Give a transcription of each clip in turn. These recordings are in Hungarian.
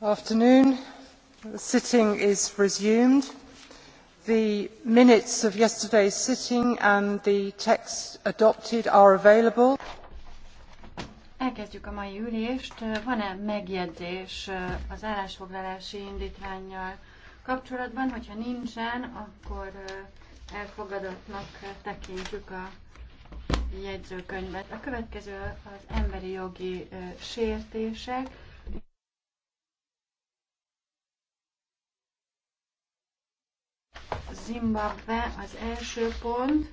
afternoon. the sitting is resumed. the minutes of yesterday's sitting and the text adopted are available. Elkezdjük a mai ülést. Van-e megjegyzés uh, az állásfoglalási indítványjal kapcsolatban? Hogyha nincsen, akkor uh, elfogadottnak tekintjük a jegyzőkönyvet. A következő az emberi jogi uh, sértések. Zimbabwe az első pont,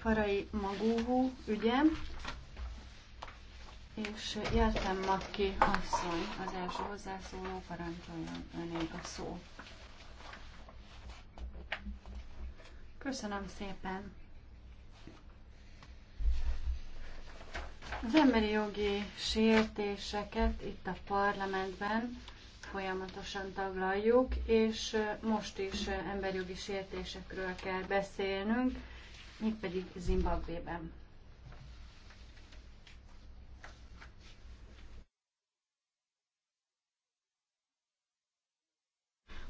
Farai Maguhu, ügye, és jeltem Makki asszony az első hozzászóló, parancsoljon öné a szó. Köszönöm szépen! Az emberi jogi sértéseket itt a parlamentben folyamatosan taglaljuk, és most is emberjogi sértésekről kell beszélnünk, mégpedig Zimbabvében.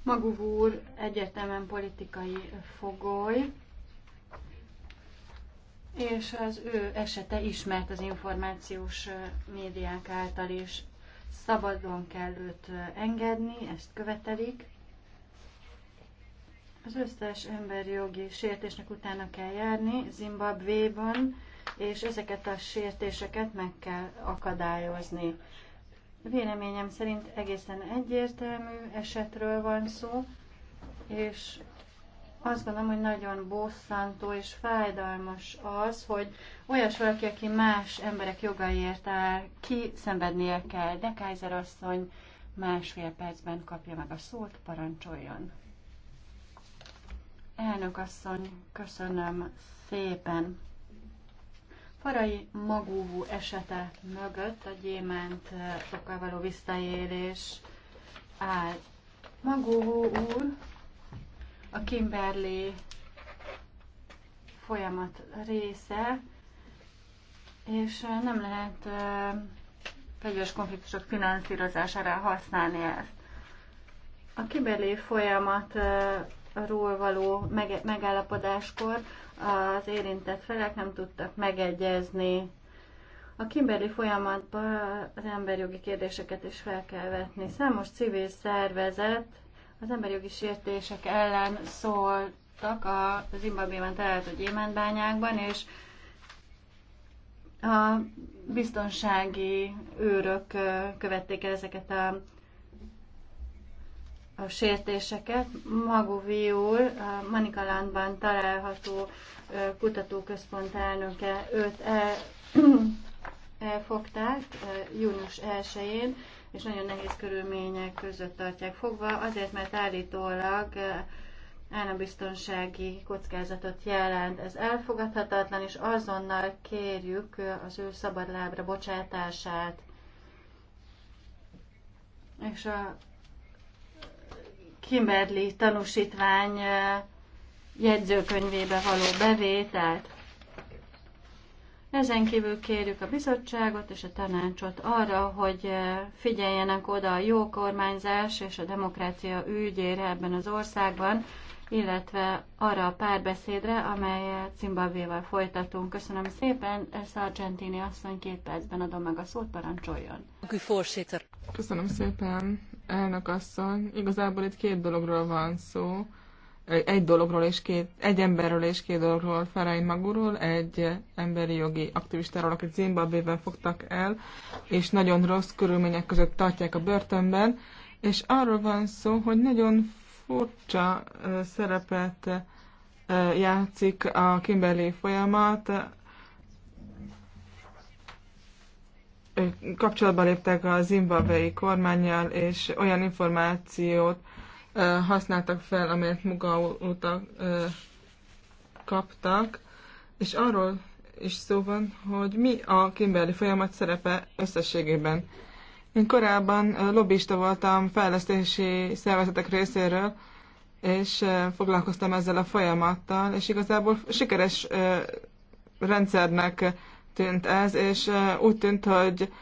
Maguk úr egyetemen politikai fogoly, és az ő esete ismert az információs médiák által is szabadon kell őt engedni, ezt követelik. Az összes emberi jogi sértésnek utána kell járni Zimbabvéban, és ezeket a sértéseket meg kell akadályozni. Véleményem szerint egészen egyértelmű esetről van szó, és azt gondolom, hogy nagyon bosszantó és fájdalmas az, hogy olyas valaki, aki más emberek jogaiért áll, ki szenvednie kell. De Kaiser asszony másfél percben kapja meg a szót, parancsoljon. Elnök asszony, köszönöm szépen. Farai magúvú esete mögött a eh, sokkal való visszaélés áll. Magúvú úr a Kimberly folyamat része, és nem lehet fegyveres konfliktusok finanszírozására használni ezt. A Kimberly folyamat ról való megállapodáskor az érintett felek nem tudtak megegyezni. A Kimberly folyamatban az emberjogi kérdéseket is fel kell vetni. Számos civil szervezet az emberi jogi sértések ellen szóltak a Zimbabvében található gyémántbányákban, és a biztonsági őrök követték el ezeket a, a sértéseket. Viul, a Manikalandban található kutatóközpont elnöke őt el, elfogták június 1-én, és nagyon nehéz körülmények között tartják fogva, azért, mert állítólag állambiztonsági kockázatot jelent. Ez elfogadhatatlan, és azonnal kérjük az ő szabadlábra bocsátását. És a Kimberly tanúsítvány jegyzőkönyvébe való bevételt. Ezen kívül kérjük a bizottságot és a tanácsot arra, hogy eh, figyeljenek oda a jó kormányzás és a demokrácia ügyére ebben az országban, illetve arra a párbeszédre, amelyet Zimbabvéval folytatunk. Köszönöm szépen, Sargentini asszony két percben adom meg a szót, parancsoljon. Köszönöm szépen, elnök asszony. Igazából itt két dologról van szó egy dologról és két, egy emberről és két dologról, Ferai Magurul, egy emberi jogi aktivistáról, akit Zimbabvében fogtak el, és nagyon rossz körülmények között tartják a börtönben, és arról van szó, hogy nagyon furcsa szerepet játszik a Kimberley folyamat. Kapcsolatba léptek a zimbabvei kormányjal, és olyan információt használtak fel, amelyet maga óta kaptak, és arról is szó van, hogy mi a Kimberley folyamat szerepe összességében. Én korábban lobbista voltam fejlesztési szervezetek részéről, és foglalkoztam ezzel a folyamattal, és igazából sikeres rendszernek tűnt ez, és úgy tűnt, hogy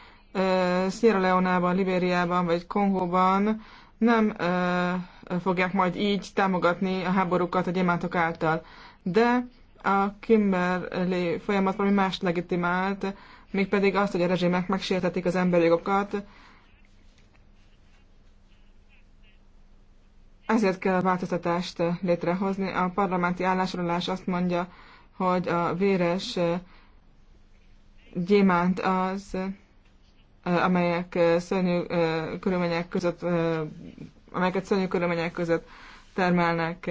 Sierra Leone-ban, Libériában vagy Kongóban nem ö, fogják majd így támogatni a háborúkat a gyémántok által. De a Kimberley folyamat valami más legitimált, mégpedig azt, hogy a rezsimek megsértetik az emberi jogokat. Ezért kell a változtatást létrehozni. A parlamenti állásolás azt mondja, hogy a véres gyémánt az amelyek szörnyű körülmények között, amelyeket szörnyű körülmények között termelnek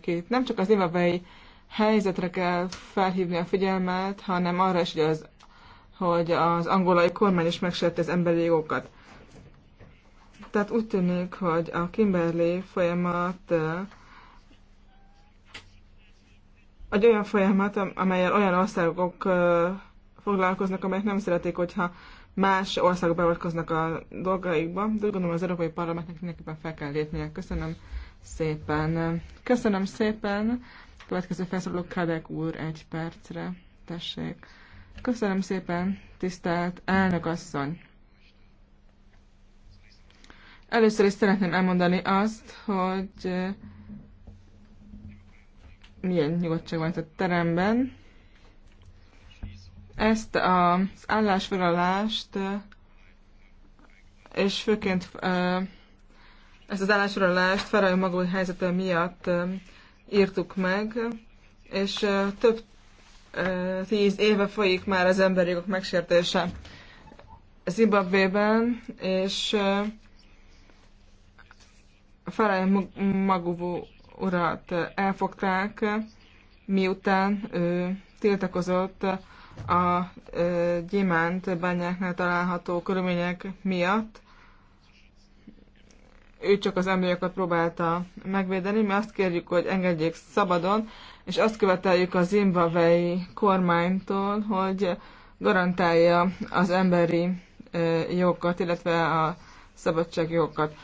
ki. Nem csak az zimbabwei helyzetre kell felhívni a figyelmet, hanem arra is, hogy az, hogy az angolai kormány is megsérti az emberi jogokat. Tehát úgy tűnik, hogy a Kimberley folyamat egy olyan folyamat, amelyel olyan országok foglalkoznak, amelyek nem szeretik, hogyha más országok beavatkoznak a dolgaikba, de úgy gondolom az Európai Parlamentnek mindenképpen fel kell lépnie. Köszönöm szépen. Köszönöm szépen. Következő felszólaló Kadek úr egy percre. Tessék. Köszönöm szépen, tisztelt elnök asszony. Először is szeretném elmondani azt, hogy eh, milyen nyugodtság van itt a teremben. Ezt az állásfoglalást, és főként ezt az állásfoglalást Ferrari Magó helyzete miatt írtuk meg, és több tíz éve folyik már az emberi jogok megsértése Zimbabwe-ben, és Farai Magó urat elfogták, miután ő tiltakozott a gyémánt bányáknál található körülmények miatt. Ő csak az embereket próbálta megvédeni, mi azt kérjük, hogy engedjék szabadon, és azt követeljük a zimbabwei kormánytól, hogy garantálja az emberi jogokat, illetve a szabadságjogokat.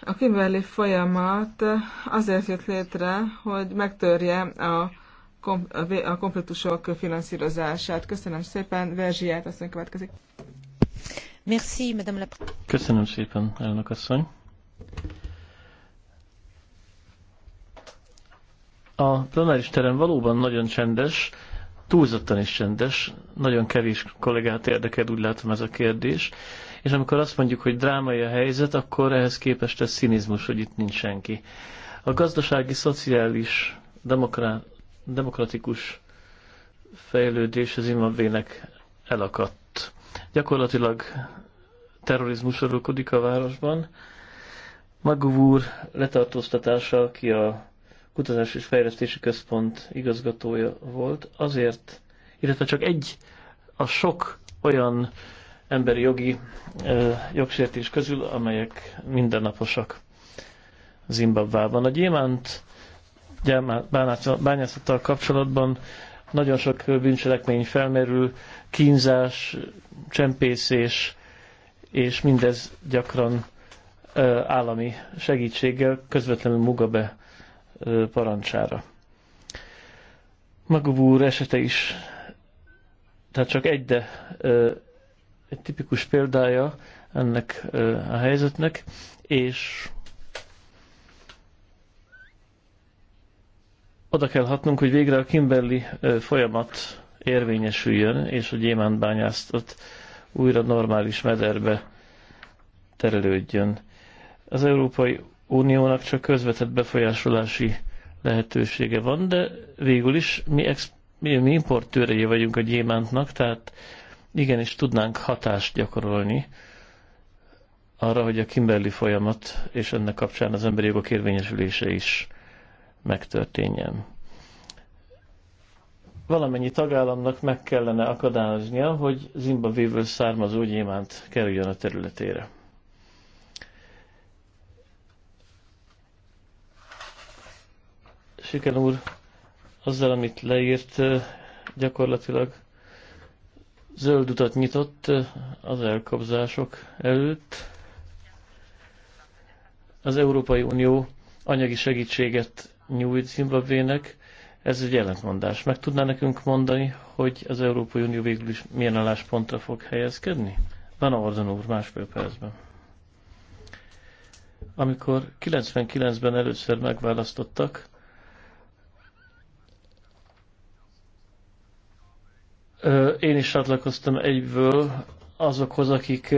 A Kimberley folyamat azért jött létre, hogy megtörje a a konfliktusok finanszírozását. Köszönöm szépen, Verzsiát, aztán következik. Merci, Madame la... Köszönöm szépen, elnök asszony. A plenáris terem valóban nagyon csendes, túlzottan is csendes, nagyon kevés kollégát érdekel, úgy látom ez a kérdés. És amikor azt mondjuk, hogy drámai a helyzet, akkor ehhez képest ez színizmus, hogy itt nincs senki. A gazdasági, szociális, demokrá- demokratikus fejlődés az Zimbabvének elakadt. Gyakorlatilag terrorizmus uralkodik a városban. Magov úr letartóztatása, aki a Kutatás és Fejlesztési Központ igazgatója volt, azért, illetve csak egy a sok olyan emberi jogi ö, jogsértés közül, amelyek mindennaposak Zimbabvában. A gyémánt bányászattal kapcsolatban nagyon sok bűncselekmény felmerül, kínzás, csempészés, és mindez gyakran állami segítséggel közvetlenül Mugabe parancsára. Magub esete is, tehát csak egy, de egy tipikus példája ennek a helyzetnek, és Oda kell hatnunk, hogy végre a Kimberli folyamat érvényesüljön, és a gyémántbányászat újra normális mederbe terelődjön. Az Európai Uniónak csak közvetett befolyásolási lehetősége van, de végül is mi, ex, mi, mi importőrei vagyunk a gyémántnak, tehát igenis tudnánk hatást gyakorolni arra, hogy a Kimberli folyamat és ennek kapcsán az emberi jogok érvényesülése is megtörténjen. Valamennyi tagállamnak meg kellene akadályoznia, hogy Zimbabvéből származó gyémánt kerüljön a területére. Siken úr, azzal, amit leírt, gyakorlatilag zöld utat nyitott az elkobzások előtt. Az Európai Unió anyagi segítséget nyújt Zimbabvének, ez egy ellentmondás. Meg tudná nekünk mondani, hogy az Európai Unió végül is milyen álláspontra fog helyezkedni? Van a Orden úr másfél percben. Amikor 99-ben először megválasztottak, én is csatlakoztam egyből azokhoz, akik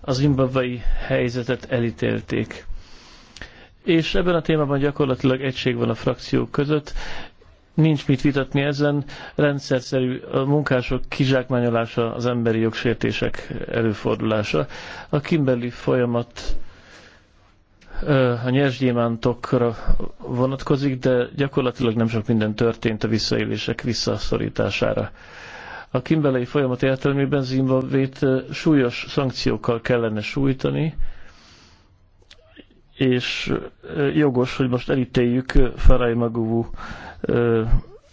az imbabai helyzetet elítélték és ebben a témában gyakorlatilag egység van a frakciók között. Nincs mit vitatni ezen, rendszerszerű a munkások kizsákmányolása, az emberi jogsértések előfordulása. A kimberli folyamat a nyersgyémántokra vonatkozik, de gyakorlatilag nem sok minden történt a visszaélések visszaszorítására. A kimberlei folyamat értelmében Zimbabvét súlyos szankciókkal kellene sújtani, és jogos, hogy most elítéljük Farai Maguvu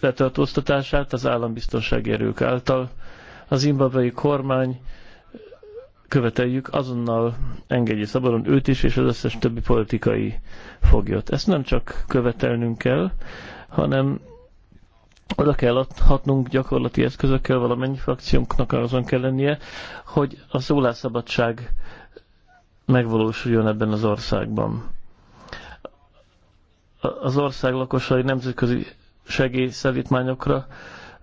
letartóztatását az állambiztonsági erők által. Az zimbabwei kormány követeljük azonnal engedje szabadon őt is, és az összes többi politikai foglyot. Ezt nem csak követelnünk kell, hanem oda kell adhatnunk gyakorlati eszközökkel valamennyi frakciónknak azon kell lennie, hogy a szólásszabadság megvalósuljon ebben az országban. Az ország lakosai nemzetközi segélyszállítmányokra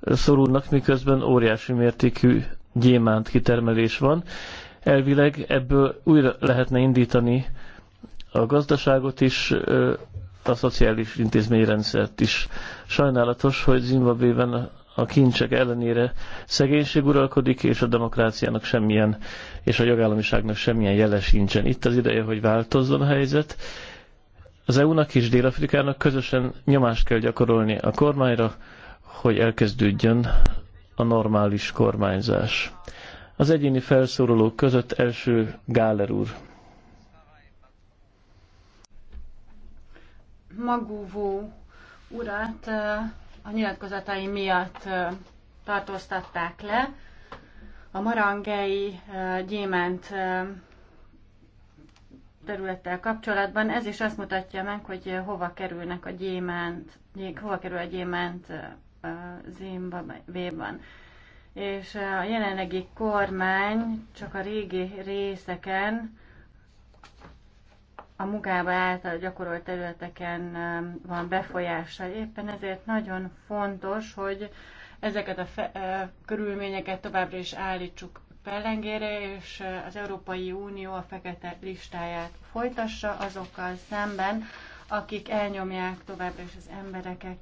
szorulnak, miközben óriási mértékű gyémánt kitermelés van. Elvileg ebből újra lehetne indítani a gazdaságot is, a szociális intézményrendszert is. Sajnálatos, hogy Zimbabvében a kincsek ellenére szegénység uralkodik, és a demokráciának semmilyen, és a jogállamiságnak semmilyen jele sincsen. Itt az ideje, hogy változzon a helyzet. Az EU-nak és Dél-Afrikának közösen nyomást kell gyakorolni a kormányra, hogy elkezdődjön a normális kormányzás. Az egyéni felszólalók között első Gáler úr. Magúvó urat a nyilatkozatai miatt tartóztatták le. A marangei gyémánt területtel kapcsolatban. Ez is azt mutatja meg, hogy hova kerülnek a gyémánt, hova kerül a gyémánt Zimbabvéban. És a jelenlegi kormány csak a régi részeken a Mugába által gyakorolt területeken um, van befolyása. Éppen ezért nagyon fontos, hogy ezeket a fe, uh, körülményeket továbbra is állítsuk pellengére, és uh, az Európai Unió a fekete listáját folytassa azokkal szemben, akik elnyomják továbbra is az embereket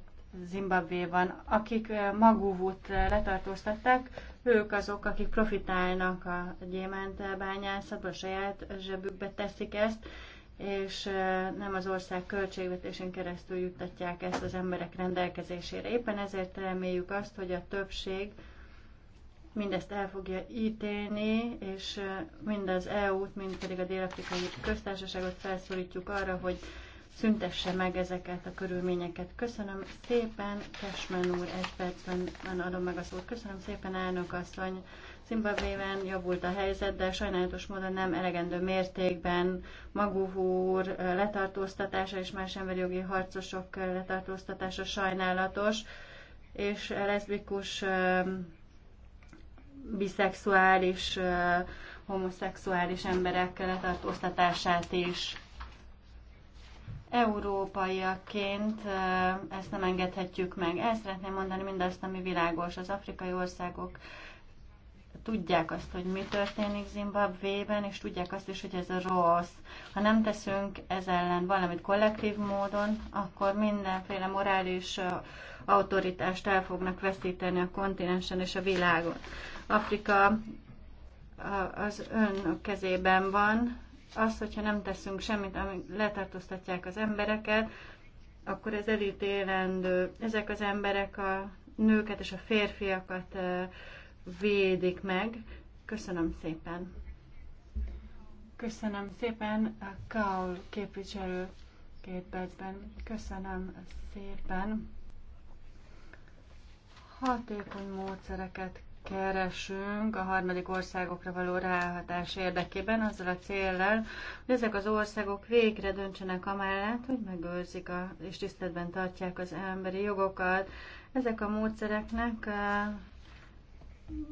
Zimbabvéban. Akik uh, magúvút letartóztatták, ők azok, akik profitálnak a gyémánt bányászatból, saját zsebükbe teszik ezt, és nem az ország költségvetésén keresztül juttatják ezt az emberek rendelkezésére. Éppen ezért reméljük azt, hogy a többség mindezt el fogja ítélni, és mind az EU-t, mind pedig a dél-afrikai köztársaságot felszólítjuk arra, hogy szüntesse meg ezeket a körülményeket. Köszönöm szépen, Kesmen úr, egy percben adom meg a szót. Köszönöm szépen, elnök asszony. Zimbabwe-ben javult a helyzet, de sajnálatos módon nem elegendő mértékben Maguhúr letartóztatása és más emberi jogi harcosok letartóztatása sajnálatos, és leszbikus, biszexuális, homoszexuális emberek letartóztatását is. Európaiakként ezt nem engedhetjük meg. El szeretném mondani mindazt, ami világos. Az afrikai országok tudják azt, hogy mi történik Zimbabvében, és tudják azt is, hogy ez a rossz. Ha nem teszünk ez ellen valamit kollektív módon, akkor mindenféle morális autoritást el fognak veszíteni a kontinensen és a világon. Afrika az ön kezében van, az, hogyha nem teszünk semmit, ami letartóztatják az embereket, akkor ez elítélendő. Ezek az emberek a nőket és a férfiakat védik meg. Köszönöm szépen. Köszönöm szépen, Kaul képviselő két percben. Köszönöm szépen. Hatékony módszereket keresünk a harmadik országokra való ráhatás érdekében, azzal a céllal, hogy ezek az országok végre döntsenek amellett, hogy megőrzik a, és tiszteletben tartják az emberi jogokat. Ezek a módszereknek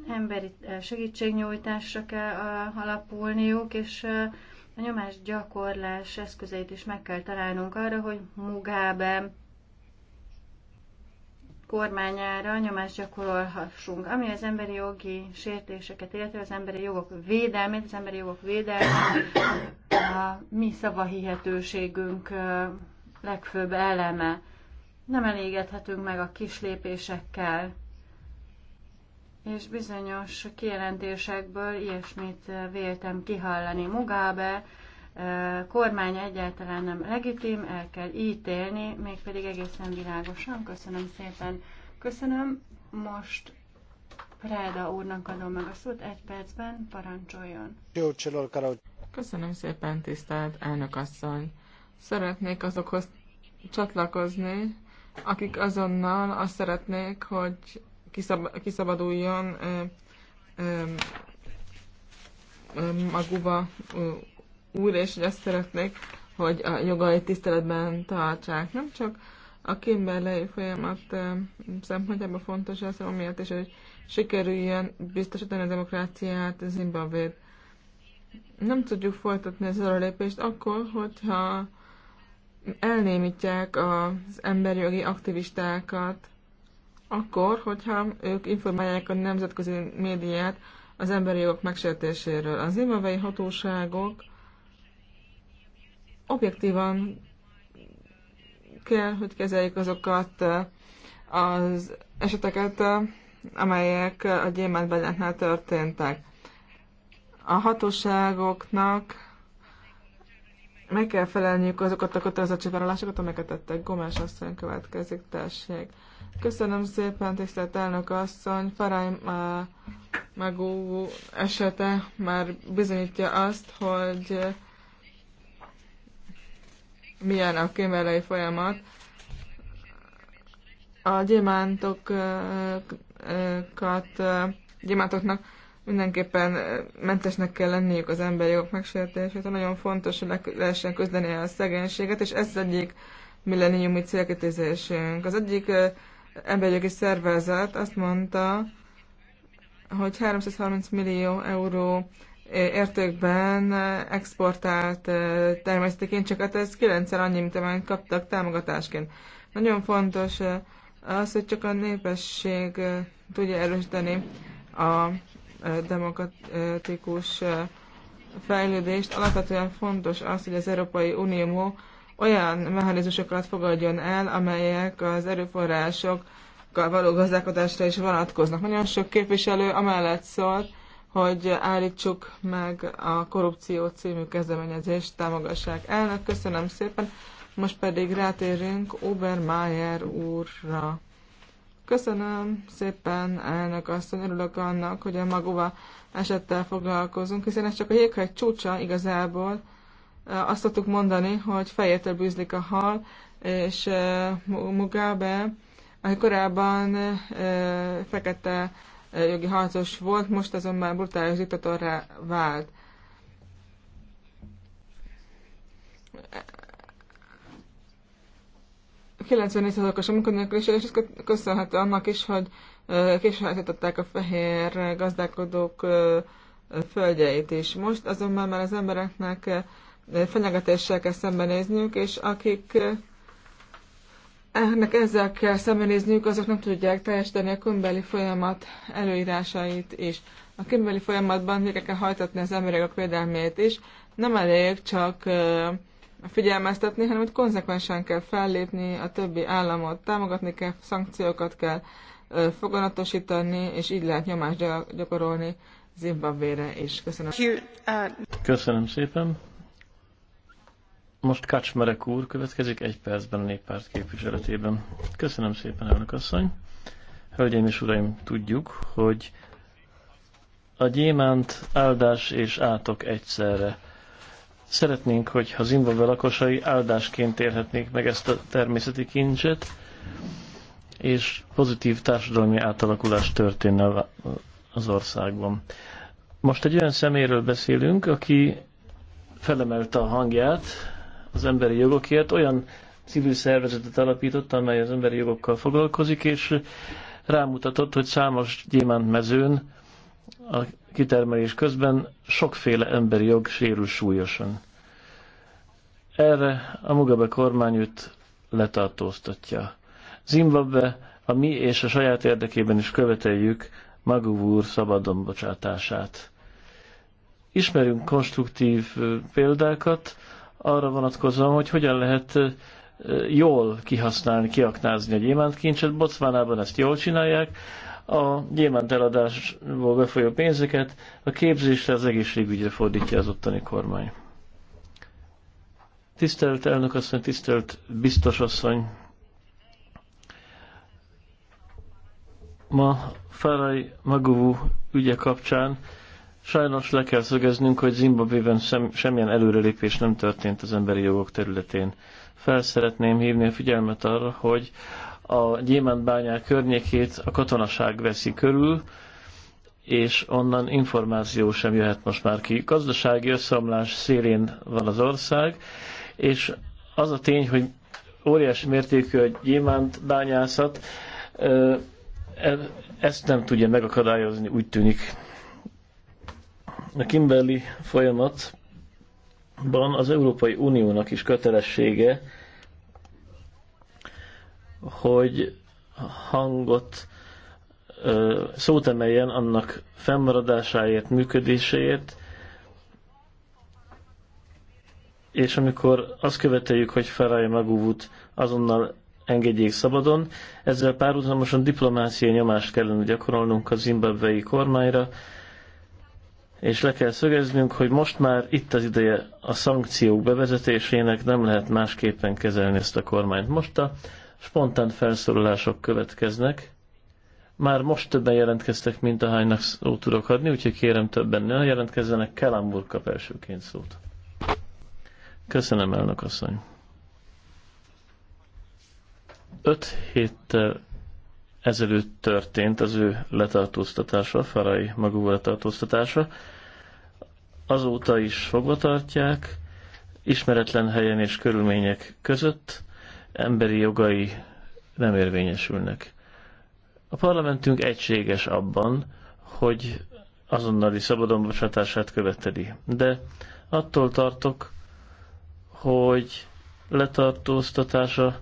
emberi eh, segítségnyújtásra kell eh, alapulniuk, és eh, a nyomás gyakorlás eszközeit is meg kell találnunk arra, hogy Mugabe kormányára nyomást gyakorolhassunk. Ami az emberi jogi sértéseket illetve az emberi jogok védelmét, az emberi jogok védelmét a mi szavahihetőségünk legfőbb eleme. Nem elégedhetünk meg a kislépésekkel és bizonyos kijelentésekből ilyesmit eh, véltem kihallani. Mugabe eh, kormány egyáltalán nem legitim, el kell ítélni, mégpedig egészen világosan. Köszönöm szépen. Köszönöm. Most Preda úrnak adom meg a szót, egy percben parancsoljon. Köszönöm szépen, tisztelt elnök asszony. Szeretnék azokhoz csatlakozni, akik azonnal azt szeretnék, hogy kiszab, kiszabaduljon maguba úr, és hogy azt szeretnék, hogy a jogai tiszteletben tartsák. Nem csak a kimberlei folyamat szempontjából fontos az, amiatt is, hogy sikerüljön biztosítani a demokráciát Zimbabvét. Nem tudjuk folytatni az lépést, akkor, hogyha elnémítják az emberjogi aktivistákat, akkor, hogyha ők informálják a nemzetközi médiát az emberi jogok megsértéséről. Az imavei hatóságok objektívan kell, hogy kezeljék azokat az eseteket, amelyek a gyémántbányáknál történtek. A hatóságoknak meg kell felelniük azokat a kötelezettségvállalásokat, amelyeket tettek. gomás asszony következik, tessék. Köszönöm szépen, tisztelt elnök asszony. Faráj Magó esete már bizonyítja azt, hogy milyen a kémelei folyamat. A gyémántokat, gyémántoknak mindenképpen mentesnek kell lenniük az emberi jogok megsértését. Nagyon fontos, hogy lehessen közdeni a szegénységet, és ez az egyik milleniumi célkitűzésünk. Az egyik emberjogi szervezet azt mondta, hogy 330 millió euró eh, értékben eh, exportált eh, természetként, csak hát ez kilencszer annyi, mint amennyit kaptak támogatásként. Nagyon fontos az, hogy csak a népesség tudja erősíteni a demokratikus fejlődést. Alapvetően fontos az, hogy az Európai Unió olyan mechanizmusokat fogadjon el, amelyek az erőforrásokkal való gazdálkodásra is vonatkoznak. Nagyon sok képviselő amellett szól, hogy állítsuk meg a korrupció című kezdeményezést, támogassák elnök. Köszönöm szépen. Most pedig rátérünk Obermeier úrra. Köszönöm szépen, elnök asszony, örülök annak, hogy a Magova esettel foglalkozunk, hiszen ez csak a jéghegy csúcsa igazából, azt tudtuk mondani, hogy fejétől bűzlik a hal, és Mugabe, aki korábban fekete jogi harcos volt, most azonban brutális diktatorra vált. A 94%-os a munkanélküliség, és ez köszönhető annak is, hogy későhajtották a fehér gazdálkodók földjeit is. Most azonban már az embereknek fenyegetéssel kell szembenézniük, és akik eh, ennek ezzel kell szembenézniük, azok nem tudják teljesíteni a kömbeli folyamat előírásait is. A kömbeli folyamatban végre kell hajtatni az emberek védelmét is. Nem elég csak eh, figyelmeztetni, hanem hogy konzekvensen kell fellépni, a többi államot támogatni kell, szankciókat kell eh, foganatosítani, és így lehet nyomást gyakorolni Zimbabvére is. Köszönöm. Uh, Köszönöm szépen. Most Kacsmerek úr következik egy percben a néppárt képviseletében. Köszönöm szépen, elnök asszony. Hölgyeim és uraim, tudjuk, hogy a gyémánt áldás és átok egyszerre. Szeretnénk, hogy ha Zimbabwe lakosai áldásként érhetnék meg ezt a természeti kincset, és pozitív társadalmi átalakulás történne az országban. Most egy olyan szeméről beszélünk, aki felemelte a hangját, az emberi jogokért, olyan civil szervezetet alapított, amely az emberi jogokkal foglalkozik, és rámutatott, hogy számos mezőn a kitermelés közben sokféle emberi jog sérül súlyosan. Erre a Mugabe kormány őt letartóztatja. Zimbabwe a mi és a saját érdekében is követeljük Magúv úr szabadon bocsátását. Ismerünk konstruktív példákat, arra vonatkozom, hogy hogyan lehet jól kihasználni, kiaknázni a kincset. Botswanában ezt jól csinálják, a gyémánt eladásból befolyó pénzeket a képzésre, az egészségügyre fordítja az ottani kormány. Tisztelt elnök, asszony, tisztelt asszony, Ma Farai Maguvu ügye kapcsán Sajnos le kell szögeznünk, hogy Zimbabvében sem, semmilyen előrelépés nem történt az emberi jogok területén. Fel szeretném hívni a figyelmet arra, hogy a gyémántbányák környékét a katonaság veszi körül, és onnan információ sem jöhet most már ki. Gazdasági összeomlás szélén van az ország, és az a tény, hogy óriási mértékű a gyémántbányászat, e- ezt nem tudja megakadályozni, úgy tűnik. A Kimberley folyamatban az Európai Uniónak is kötelessége, hogy hangot szót emeljen annak fennmaradásáért, működéséért, és amikor azt követeljük, hogy Farai Maguvut azonnal engedjék szabadon, ezzel párhuzamosan diplomáciai nyomást kellene gyakorolnunk a zimbabwei kormányra, és le kell szögeznünk, hogy most már itt az ideje a szankciók bevezetésének, nem lehet másképpen kezelni ezt a kormányt. Most a spontán felszólalások következnek. Már most többen jelentkeztek, mint ahánynak szót tudok adni, úgyhogy kérem többen ne jelentkezzenek. Kelambur kap elsőként szót. Köszönöm, elnök asszony. Öt héttel ezelőtt történt az ő letartóztatása, Farai magú letartóztatása. Azóta is fogva tartják, ismeretlen helyen és körülmények között emberi jogai nem érvényesülnek. A parlamentünk egységes abban, hogy azonnali szabadon bocsátását követeli. De attól tartok, hogy letartóztatása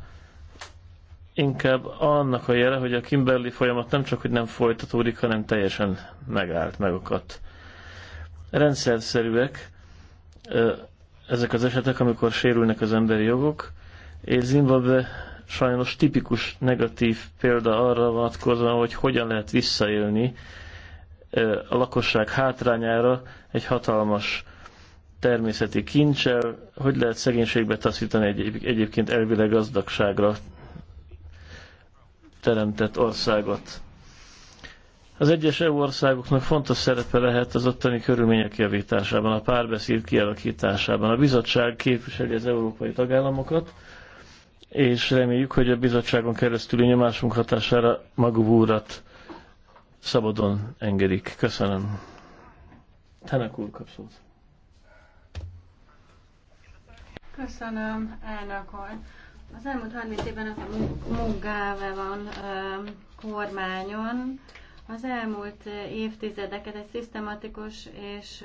inkább annak a jele, hogy a Kimberley folyamat nem csak, hogy nem folytatódik, hanem teljesen megállt, megakadt. Rendszerszerűek ezek az esetek, amikor sérülnek az emberi jogok, és Zimbabwe sajnos tipikus negatív példa arra vonatkozóan, hogy hogyan lehet visszaélni a lakosság hátrányára egy hatalmas természeti kincsel, hogy lehet szegénységbe taszítani egy, egyébként elvileg gazdagságra teremtett országot. Az egyes EU országoknak fontos szerepe lehet az ottani körülmények javításában, a párbeszéd kialakításában. A bizottság képviseli az európai tagállamokat, és reméljük, hogy a bizottságon keresztüli nyomásunk hatására maguk úrat szabadon engedik. Köszönöm. Tenek úr kapszót. Köszönöm, elnök úr. Az elmúlt 30 évben a Mugabe van kormányon. Az elmúlt évtizedeket egy szisztematikus és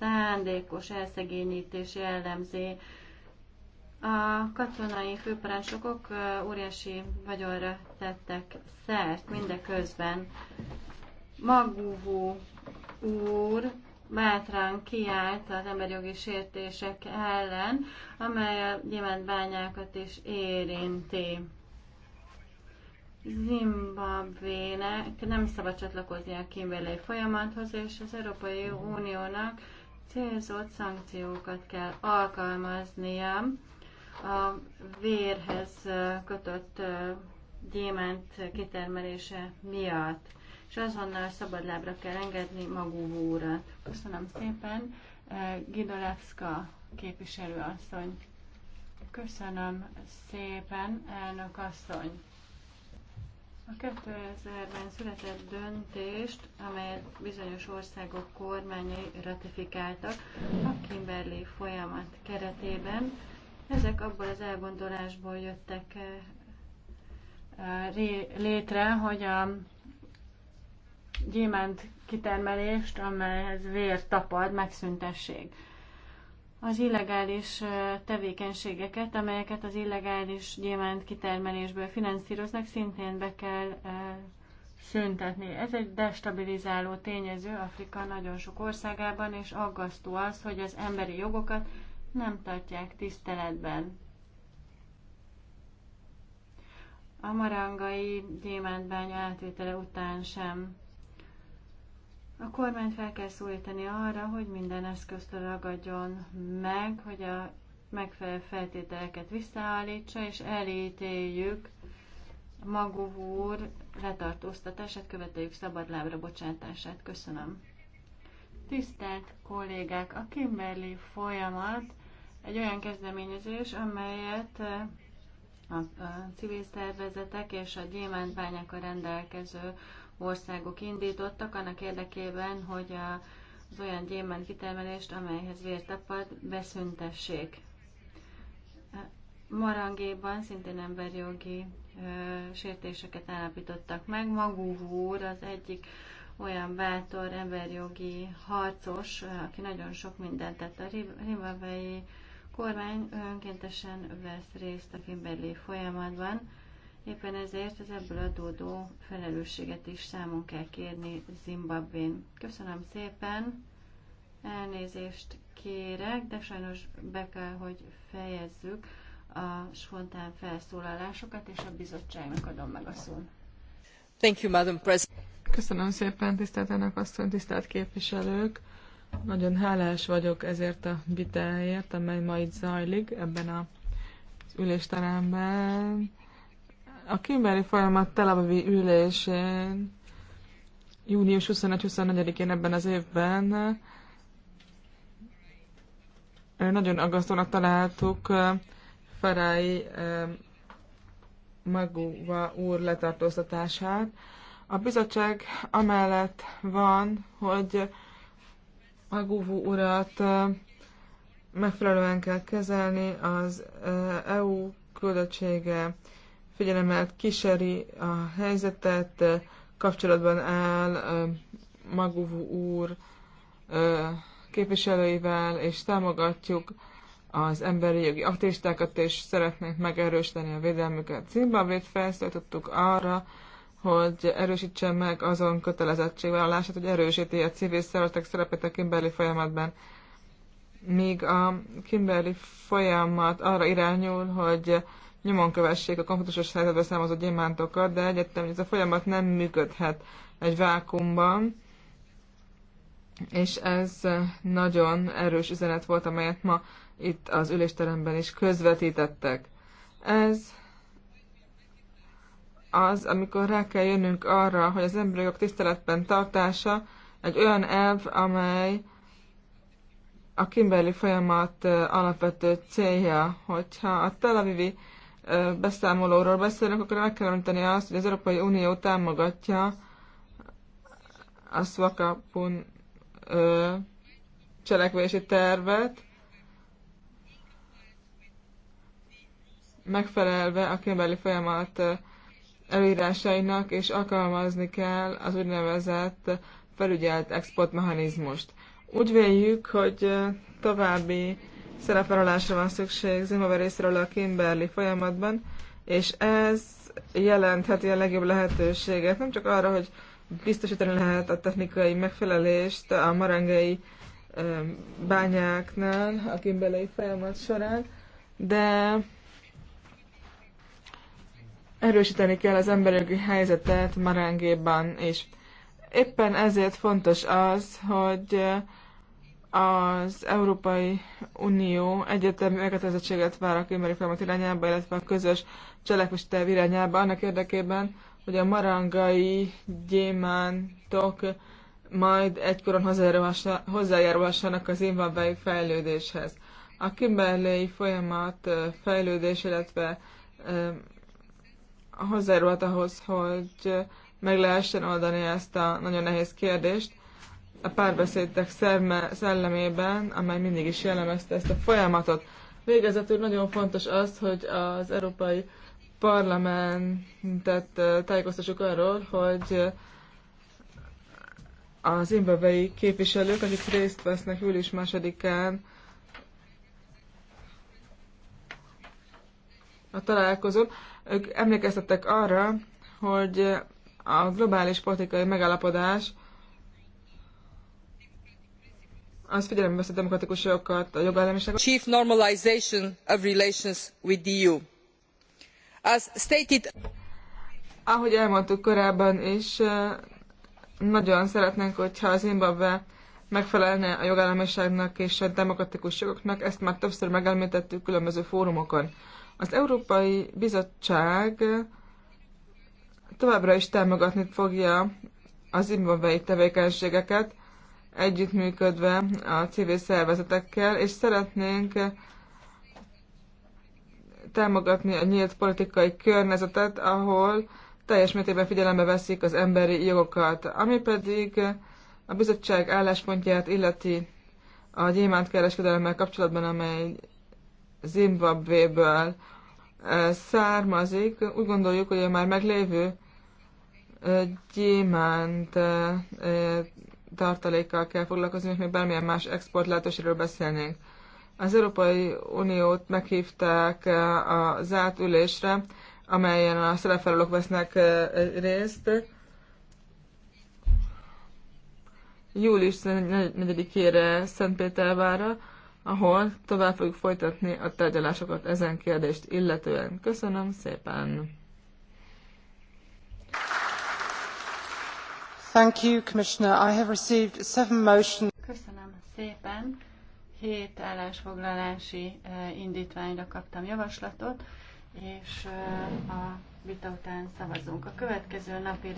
szándékos elszegényítés jellemzi. A katonai főparancsokok óriási vagyonra tettek szert mindeközben. Magúvú úr bátran kiállt az emberi jogi sértések ellen, amely a bányákat is érinti. Zimbabvének nem szabad csatlakozni a kimberley folyamathoz, és az Európai Uniónak célzott szankciókat kell alkalmaznia a vérhez kötött gyémánt kitermelése miatt és azonnal szabadlábra kell engedni Magúvó urat. Köszönöm szépen. Eh, Gidolevska képviselőasszony. Köszönöm szépen, elnök asszony. A 2000-ben született döntést, amelyet bizonyos országok kormányai ratifikáltak a Kimberley folyamat keretében, ezek abból az elgondolásból jöttek eh, eh, létre, hogy a gyémánt kitermelést, amelyhez vér tapad, megszüntessék. Az illegális tevékenységeket, amelyeket az illegális gyémánt kitermelésből finanszíroznak, szintén be kell szüntetni. Ez egy destabilizáló tényező Afrika nagyon sok országában, és aggasztó az, hogy az emberi jogokat nem tartják tiszteletben. A marangai gyémántbánya átétele után sem a kormányt fel kell szólítani arra, hogy minden eszközt ragadjon meg, hogy a megfelelő feltételeket visszaállítsa, és elítéljük Magov úr letartóztatását, követeljük szabadlábra bocsátását. Köszönöm. Tisztelt kollégák, a Kimberley folyamat egy olyan kezdeményezés, amelyet a, a civil szervezetek és a gyémántbányákkal rendelkező országok indítottak annak érdekében, hogy a, az olyan gyémánt kitermelést, amelyhez vértapad, beszüntessék. Marangéban szintén emberjogi ö, sértéseket állapítottak meg. Magú úr az egyik olyan bátor emberjogi harcos, aki nagyon sok mindent tett a ribavei kormány önkéntesen vesz részt a Kimberley folyamatban, éppen ezért az ebből adódó felelősséget is számon kell kérni Zimbabvén. Köszönöm szépen, elnézést kérek, de sajnos be kell, hogy fejezzük a spontán felszólalásokat, és a bizottságnak adom meg a szót. Thank you, Madam President. Köszönöm szépen, tisztelt elnök asszony, tisztelt képviselők! Nagyon hálás vagyok ezért a vitáért, amely ma itt zajlik ebben a ülésteremben. A Kimberi folyamat Tel Avivi ülésén június 21-24-én ebben az évben nagyon aggasztónak találtuk Ferai Maguva úr letartóztatását. A bizottság amellett van, hogy Agúvú urat megfelelően kell kezelni, az EU küldöttsége figyelemmel kíséri a helyzetet, kapcsolatban áll Magúvú úr képviselőivel, és támogatjuk az emberi jogi aktivistákat, és szeretnénk megerősíteni a védelmüket. Zimbabvét felszólítottuk arra, hogy erősítse meg azon kötelezettségvállalását, hogy erősíti a civil szervezetek szerepét a Kimberley folyamatban. Míg a Kimberley folyamat arra irányul, hogy nyomon kövessék a konfliktusos helyzetbe származó gyémántokat, de egyetem, hogy ez a folyamat nem működhet egy vákumban, és ez nagyon erős üzenet volt, amelyet ma itt az ülésteremben is közvetítettek. Ez az, amikor rá kell jönnünk arra, hogy az emberi jogok tiszteletben tartása egy olyan elv, amely a kimberli folyamat alapvető célja, hogyha a Tel Avivi beszámolóról beszélünk, akkor meg kell említeni azt, hogy az Európai Unió támogatja a Swakapun cselekvési tervet, megfelelve a kimberli folyamat előírásainak, és alkalmazni kell az úgynevezett felügyelt exportmechanizmust. Úgy véljük, hogy további szerepvállalásra van szükség Zimbabwe részéről a Kimberley folyamatban, és ez jelentheti a legjobb lehetőséget, nem csak arra, hogy biztosítani lehet a technikai megfelelést a marengei bányáknál a kimberley folyamat során, de erősíteni kell az emberi helyzetet Marangéban is. Éppen ezért fontos az, hogy eh, az Európai Unió egyetemű elkötelezettséget vár a kémeri folyamat irányába, illetve a közös cselekvési terv irányába, annak érdekében, hogy a marangai gyémántok majd egykoron hozzájárulhassanak az invabai fejlődéshez. A kimberlei folyamat eh, fejlődés, illetve eh, hozzájárult ahhoz, hogy meg lehessen oldani ezt a nagyon nehéz kérdést a párbeszédek szellemében, amely mindig is jellemezte ezt a folyamatot. Végezetül nagyon fontos az, hogy az Európai Parlamentet tájékoztassuk arról, hogy az zimbabwei képviselők, akik részt vesznek július másodikán a találkozón, ők emlékeztettek arra, hogy a globális politikai megállapodás az figyelembe veszi a demokratikus jogokat, a jogállamiságot. Chief normalization of relations with the EU. As stated... Ahogy elmondtuk korábban is, nagyon szeretnénk, hogyha az Zimbabwe megfelelne a jogállamiságnak és a demokratikus jogoknak, ezt már többször megelmítettük különböző fórumokon. Az Európai Bizottság továbbra is támogatni fogja az zimbabwei tevékenységeket, együttműködve a civil szervezetekkel, és szeretnénk támogatni a nyílt politikai környezetet, ahol teljes mértékben figyelembe veszik az emberi jogokat, ami pedig a bizottság álláspontját illeti a kereskedelemmel kapcsolatban, amely Zimbabvéből származik. Úgy gondoljuk, hogy a már meglévő gyémánt tartalékkal kell foglalkozni, és még bármilyen más export lehetőségről beszélnénk. Az Európai Uniót meghívták a zárt ülésre, amelyen a szerepfelelők vesznek részt. Július 4-ére Szentpétervára ahol tovább fogjuk folytatni a tárgyalásokat ezen kérdést illetően. Köszönöm szépen! Thank you, Commissioner. I have received seven motions. Köszönöm szépen. Hét állásfoglalási eh, indítványra kaptam javaslatot, és eh, a vita után szavazunk. A következő napi